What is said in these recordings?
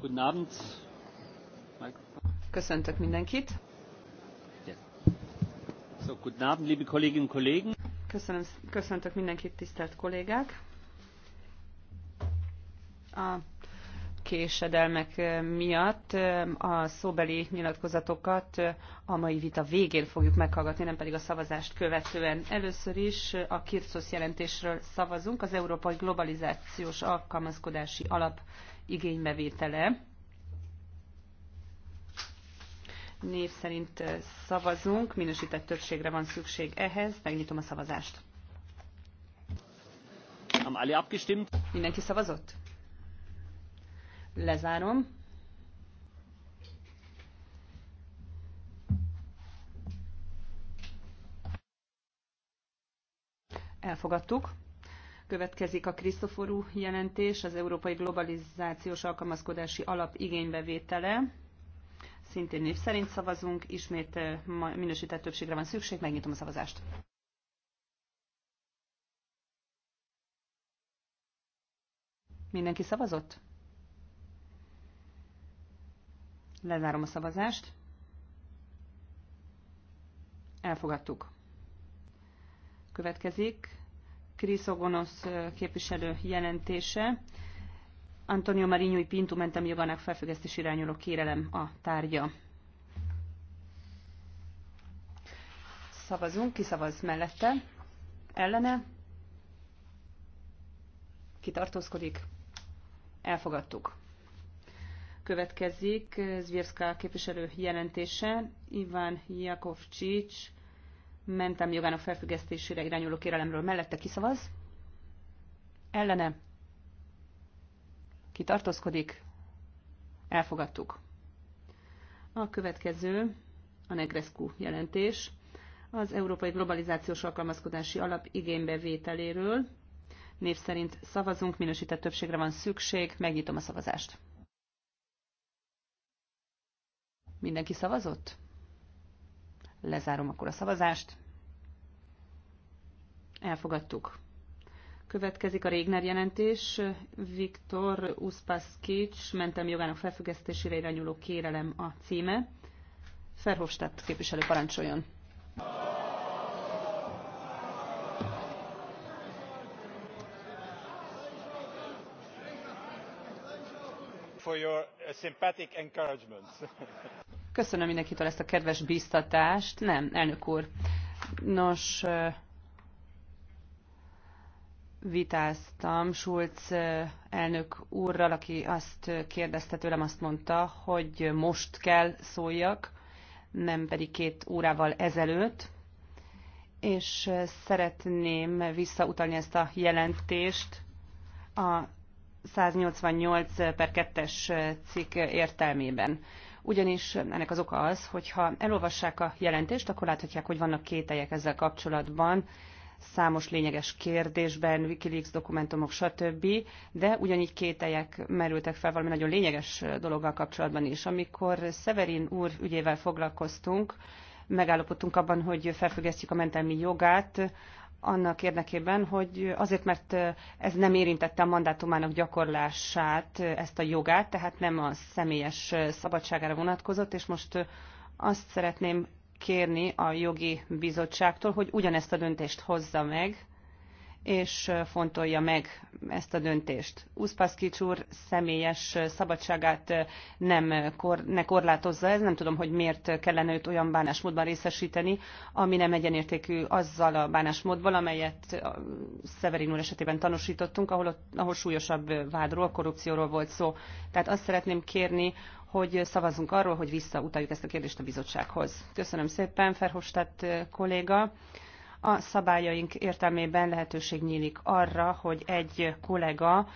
Guten Abend. Köszöntök mindenkit. So, guten Abend, liebe Kolleginnen und Kollegen. Köszönöm, köszöntök mindenkit, tisztelt kollégák. A késedelmek miatt a szóbeli nyilatkozatokat a mai vita végén fogjuk meghallgatni, nem pedig a szavazást követően. Először is a Kircosz jelentésről szavazunk, az Európai Globalizációs Alkalmazkodási Alap igénybevétele. Név szerint szavazunk, minősített többségre van szükség ehhez, megnyitom a szavazást. Mindenki szavazott? Lezárom. Elfogadtuk. Következik a Krisztoforú jelentés, az Európai Globalizációs Alkalmazkodási Alap igénybevétele. Szintén név szerint szavazunk, ismét eh, minősített többségre van szükség, megnyitom a szavazást. Mindenki szavazott? Lezárom a szavazást. Elfogadtuk. Következik Kriszogonosz képviselő jelentése. Antonio Marinyui Pintu mentem jogának felfüggesztés irányuló kérelem a tárgya. Szavazunk, ki szavaz mellette, ellene, kitartózkodik, elfogadtuk. Következik Zvierska képviselő jelentése, Iván Jakovcsics, mentem jogának felfüggesztésére irányuló kérelemről mellette kiszavaz, ellene, kitartózkodik. elfogadtuk. A következő a Negrescu jelentés az Európai Globalizációs Alkalmazkodási Alap igénybevételéről. Név szerint szavazunk, minősített többségre van szükség, megnyitom a szavazást. Mindenki szavazott? Lezárom akkor a szavazást. Elfogadtuk. Következik a Régner jelentés. Viktor Uspaszkics mentem jogának felfüggesztésére irányuló kérelem a címe. Ferhofstadt képviselő parancsoljon. For your uh, sympathetic encouragement. Köszönöm mindenkitől ezt a kedves bíztatást. Nem, elnök úr. Nos, uh, vitáztam Schulz elnök úrral, aki azt kérdezte tőlem, azt mondta, hogy most kell szóljak, nem pedig két órával ezelőtt, és szeretném visszautalni ezt a jelentést a 188 per 2-es cikk értelmében. Ugyanis ennek az oka az, hogyha elolvassák a jelentést, akkor láthatják, hogy vannak kételyek ezzel kapcsolatban, számos lényeges kérdésben, Wikileaks dokumentumok, stb., de ugyanígy kételyek merültek fel valami nagyon lényeges dologgal kapcsolatban is. Amikor Severin úr ügyével foglalkoztunk, megállapodtunk abban, hogy felfüggesztjük a mentelmi jogát, annak érdekében, hogy azért, mert ez nem érintette a mandátumának gyakorlását, ezt a jogát, tehát nem a személyes szabadságára vonatkozott, és most azt szeretném kérni a jogi bizottságtól, hogy ugyanezt a döntést hozza meg, és fontolja meg ezt a döntést. Uszpaszkics úr személyes szabadságát nem kor, ne korlátozza ez, nem tudom, hogy miért kellene őt olyan bánásmódban részesíteni, ami nem egyenértékű azzal a bánásmódval, amelyet Szeverin úr esetében tanúsítottunk, ahol, ahol súlyosabb vádról, korrupcióról volt szó. Tehát azt szeretném kérni, hogy szavazunk arról, hogy visszautaljuk ezt a kérdést a bizottsághoz. Köszönöm szépen, Ferhostett kolléga. A szabályaink értelmében lehetőség nyílik arra, hogy egy kollega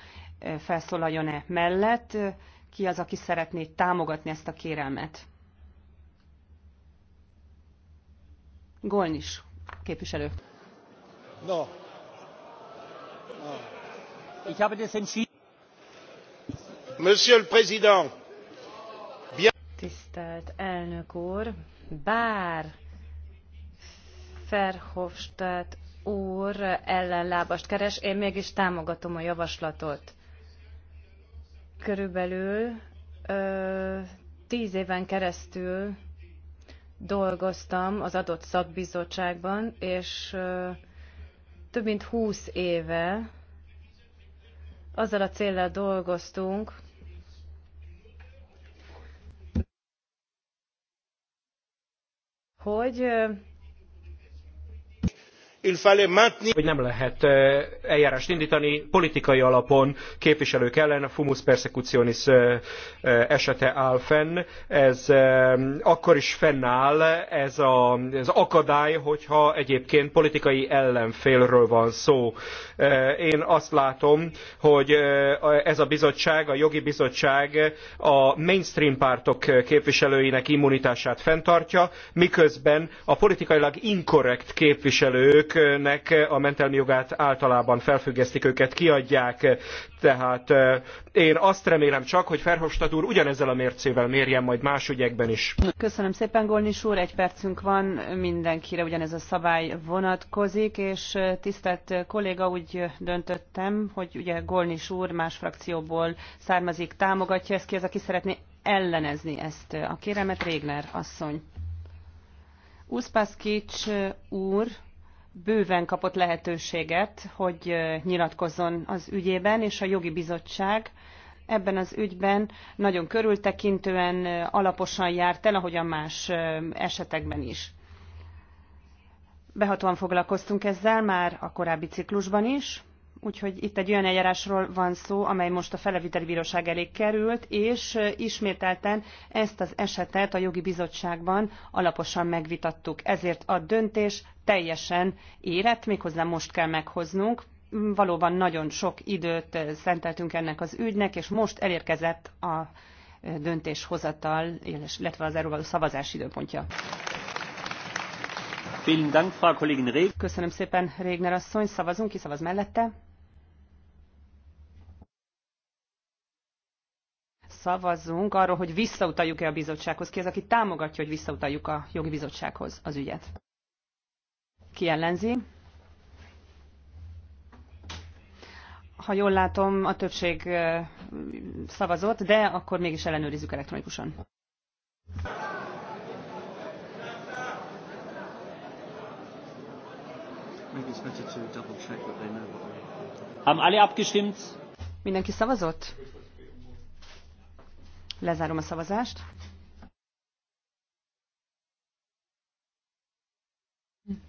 felszólaljon-e mellett, ki az, aki szeretné támogatni ezt a kérelmet. Golnis képviselő. No. no. Ich habe das entschieden. Monsieur le Président, Tisztelt elnök úr, bár Ferhofstadt úr ellenlábast keres, én mégis támogatom a javaslatot. Körülbelül ö, tíz éven keresztül dolgoztam az adott szakbizottságban, és ö, több mint húsz éve azzal a céllal dolgoztunk, hogy hogy nem lehet eljárást indítani politikai alapon képviselők ellen, a fumus persecutionis esete áll fenn. Ez akkor is fennáll ez a, az akadály, hogyha egyébként politikai ellenfélről van szó. Én azt látom, hogy ez a bizottság, a jogi bizottság a mainstream pártok képviselőinek immunitását fenntartja, miközben a politikailag inkorrekt képviselők nőknek a mentelmi jogát általában felfüggesztik, őket kiadják. Tehát én azt remélem csak, hogy Ferhofstadt úr ugyanezzel a mércével mérjen majd más ügyekben is. Köszönöm szépen, Golnis úr, egy percünk van, mindenkire ugyanez a szabály vonatkozik, és tisztelt kolléga, úgy döntöttem, hogy ugye Golnis úr más frakcióból származik, támogatja ezt ki, az, aki szeretné ellenezni ezt a kéremet, Régner asszony. Uszpaszkics úr bőven kapott lehetőséget, hogy nyilatkozzon az ügyében, és a jogi bizottság ebben az ügyben nagyon körültekintően, alaposan járt el, a más esetekben is. Behatóan foglalkoztunk ezzel már a korábbi ciklusban is, Úgyhogy itt egy olyan eljárásról van szó, amely most a feleviteli bíróság elé került, és ismételten ezt az esetet a jogi bizottságban alaposan megvitattuk. Ezért a döntés teljesen érett, méghozzá most kell meghoznunk. Mm, valóban nagyon sok időt szenteltünk ennek az ügynek, és most elérkezett a döntéshozatal, illetve az erről szavazás időpontja. Köszönöm szépen, Régner asszony. Szavazunk, ki szavaz mellette? szavazzunk arról, hogy visszautaljuk-e a bizottsághoz. Ki az, aki támogatja, hogy visszautaljuk a jogi bizottsághoz az ügyet? Ki ellenzi? Ha jól látom, a többség szavazott, de akkor mégis ellenőrizzük elektronikusan. Haben alle abgestimmt? Mindenki szavazott? Lezárom a szavazást.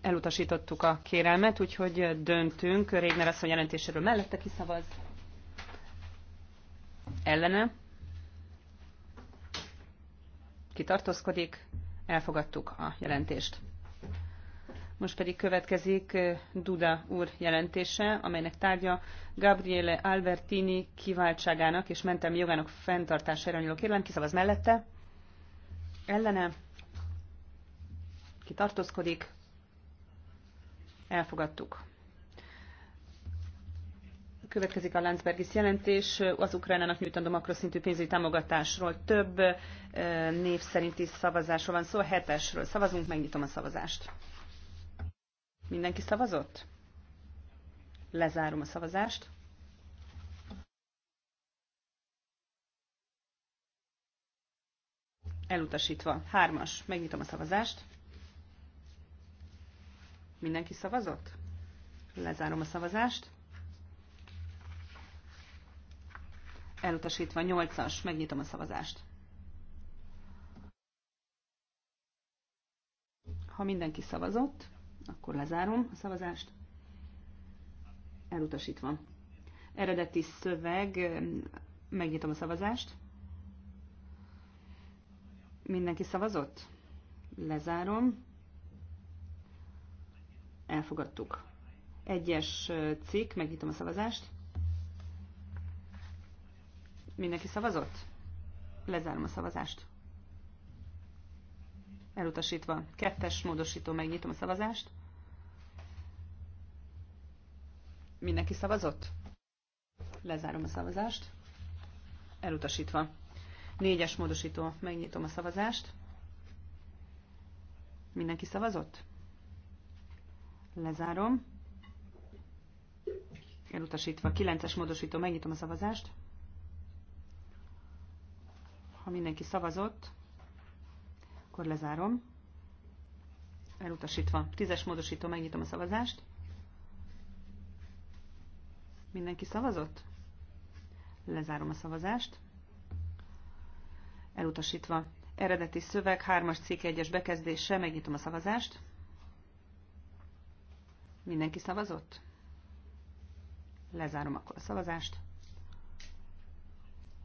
Elutasítottuk a kérelmet, úgyhogy döntünk. Régner asszony jelentéséről mellette kiszavaz. Ellene. Kitartózkodik. Elfogadtuk a jelentést. Most pedig következik Duda úr jelentése, amelynek tárgya Gabriele Albertini kiváltságának és mentem jogának fenntartására nyúló Ki szavaz mellette? Ellene? Ki tartózkodik? Elfogadtuk. Következik a Landsbergis jelentés az Ukrajnának nyújtandó makroszintű pénzügyi támogatásról. Több név szerinti szavazásról van szó, szóval hetesről. Szavazunk, megnyitom a szavazást. Mindenki szavazott? Lezárom a szavazást. Elutasítva. Hármas. Megnyitom a szavazást. Mindenki szavazott? Lezárom a szavazást. Elutasítva. Nyolcas. Megnyitom a szavazást. Ha mindenki szavazott, akkor lezárom a szavazást. Elutasítva. Eredeti szöveg, megnyitom a szavazást. Mindenki szavazott? Lezárom. Elfogadtuk. Egyes cikk, megnyitom a szavazást. Mindenki szavazott? Lezárom a szavazást. Elutasítva. Kettes módosító, megnyitom a szavazást. Mindenki szavazott? Lezárom a szavazást. Elutasítva. Négyes módosító, megnyitom a szavazást. Mindenki szavazott? Lezárom. Elutasítva. Kilences módosító, megnyitom a szavazást. Ha mindenki szavazott, akkor lezárom. Elutasítva. Tízes módosító, megnyitom a szavazást. Mindenki szavazott? Lezárom a szavazást. Elutasítva. Eredeti szöveg, hármas cikk, egyes bekezdése, megnyitom a szavazást. Mindenki szavazott? Lezárom akkor a szavazást.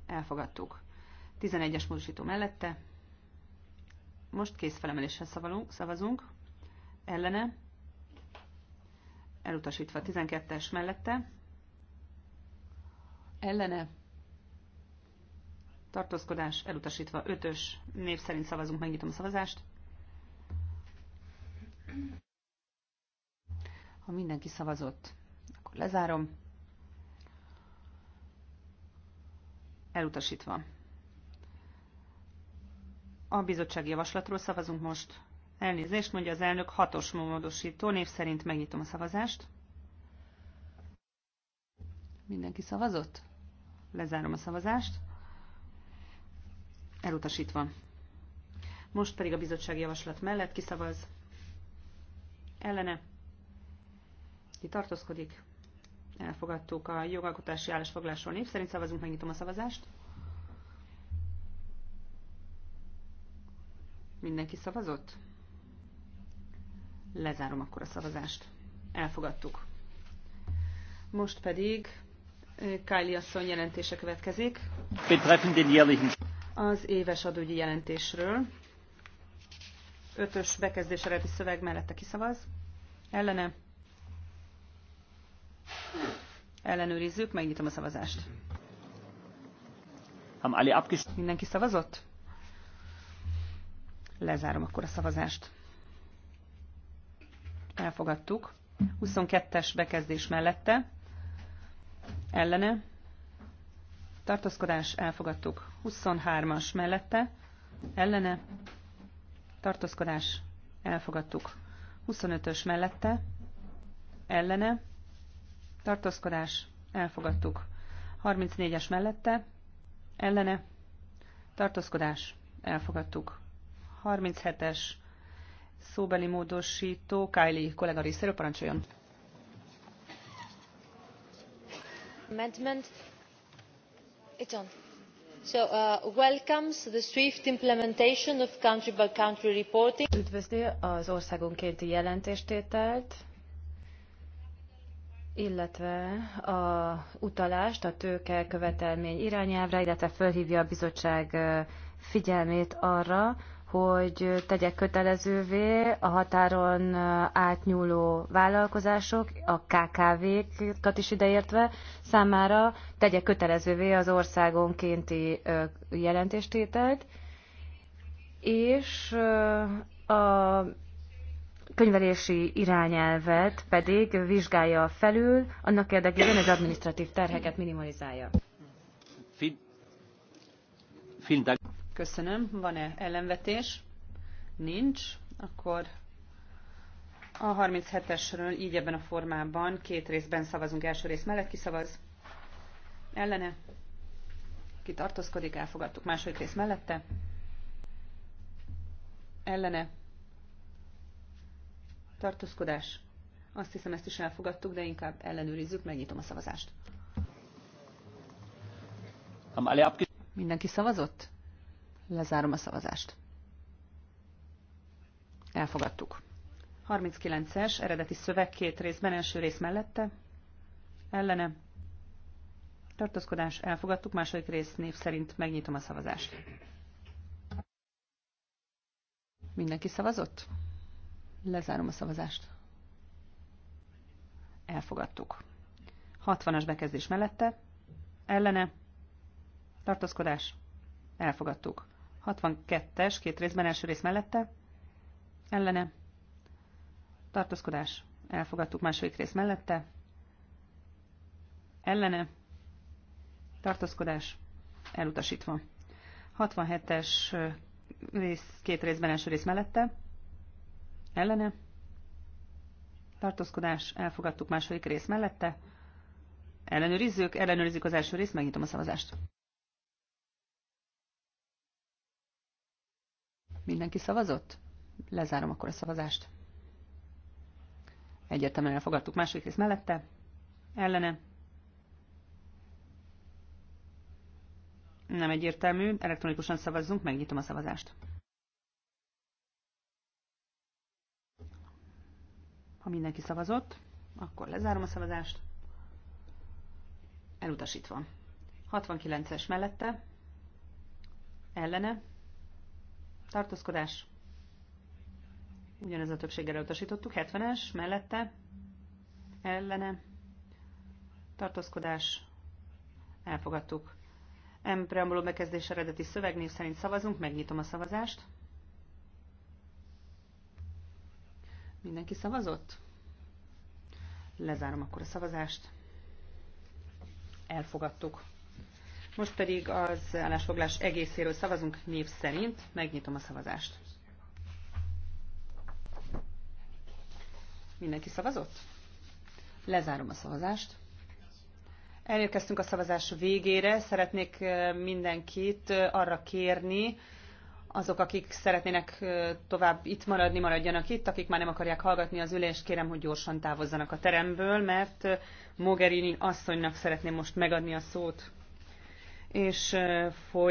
Elfogadtuk. 11-es módosító mellette, most kész szavalunk, szavazunk. Ellene. Elutasítva 12-es mellette. Ellene. Tartózkodás elutasítva 5-ös. Név szerint szavazunk, megnyitom a szavazást. Ha mindenki szavazott, akkor lezárom. Elutasítva. A bizottsági javaslatról szavazunk most. Elnézést, mondja az elnök, hatos módosító. Név szerint megnyitom a szavazást. Mindenki szavazott? Lezárom a szavazást. Elutasítva. Most pedig a bizottsági javaslat mellett kiszavaz. Ellene. Ki tartózkodik? Elfogadtuk a jogalkotási állásfoglásról név szerint szavazunk, megnyitom a szavazást. Mindenki szavazott? Lezárom akkor a szavazást. Elfogadtuk. Most pedig Kylie asszony jelentése következik. Az éves adógyi jelentésről. Ötös bekezdés eredeti szöveg mellette kiszavaz. Ellene. Ellenőrizzük, megnyitom a szavazást. Mindenki szavazott? Lezárom akkor a szavazást. Elfogadtuk. 22-es bekezdés mellette. Ellene. Tartózkodás elfogadtuk. 23-as mellette. Ellene. Tartózkodás elfogadtuk. 25-ös mellette. Ellene. Tartózkodás elfogadtuk. 34-es mellette. Ellene. Tartózkodás elfogadtuk. 37-es szóbeli módosító Kylie kollega részéről parancsoljon. Amendment. It's on. So, uh, welcomes the swift implementation of country by country reporting. Üdvözli az országonkénti jelentéstételt, illetve a utalást a tőke követelmény irányelvre, illetve fölhívja a bizottság uh, figyelmét arra, hogy tegyek kötelezővé a határon átnyúló vállalkozások, a KKV-kat is ideértve számára tegyek kötelezővé az országonkénti jelentéstételt, és a könyvelési irányelvet pedig vizsgálja felül, annak érdekében az administratív terheket minimalizálja. Köszönöm. Van-e ellenvetés? Nincs. Akkor a 37-esről így ebben a formában két részben szavazunk. Első rész mellett kiszavaz. Ellene. Ki tartózkodik, elfogadtuk. Második rész mellette. Ellene. Tartózkodás. Azt hiszem ezt is elfogadtuk, de inkább ellenőrizzük, megnyitom a szavazást. Mindenki szavazott? Lezárom a szavazást. Elfogadtuk. 39-es eredeti szöveg két részben, első rész mellette, ellene, tartózkodás, elfogadtuk, második rész név szerint megnyitom a szavazást. Mindenki szavazott? Lezárom a szavazást. Elfogadtuk. 60-as bekezdés mellette, ellene, tartózkodás, elfogadtuk. 62-es, két részben, első rész mellette, ellene, tartózkodás, elfogadtuk második rész mellette, ellene, tartózkodás, elutasítva. 67-es rész, két részben, első rész mellette, ellene, tartózkodás, elfogadtuk második rész mellette, ellenőrizzük, ellenőrizzük az első részt, megnyitom a szavazást. Mindenki szavazott? Lezárom akkor a szavazást. Egyértelműen elfogadtuk. Második rész mellette. Ellene. Nem egyértelmű. Elektronikusan szavazzunk. Megnyitom a szavazást. Ha mindenki szavazott, akkor lezárom a szavazást. Elutasítva. 69-es mellette. Ellene tartózkodás, ugyanez a többséggel utasítottuk. 70-es, mellette, ellene, tartózkodás, elfogadtuk. M preambuló bekezdés eredeti szöveg név szerint szavazunk, megnyitom a szavazást. Mindenki szavazott? Lezárom akkor a szavazást. Elfogadtuk. Most pedig az állásfoglás egészéről szavazunk név szerint. Megnyitom a szavazást. Mindenki szavazott? Lezárom a szavazást. Elérkeztünk a szavazás végére. Szeretnék mindenkit arra kérni, azok, akik szeretnének tovább itt maradni, maradjanak itt, akik már nem akarják hallgatni az ülést, kérem, hogy gyorsan távozzanak a teremből, mert Mogherini asszonynak szeretném most megadni a szót és foly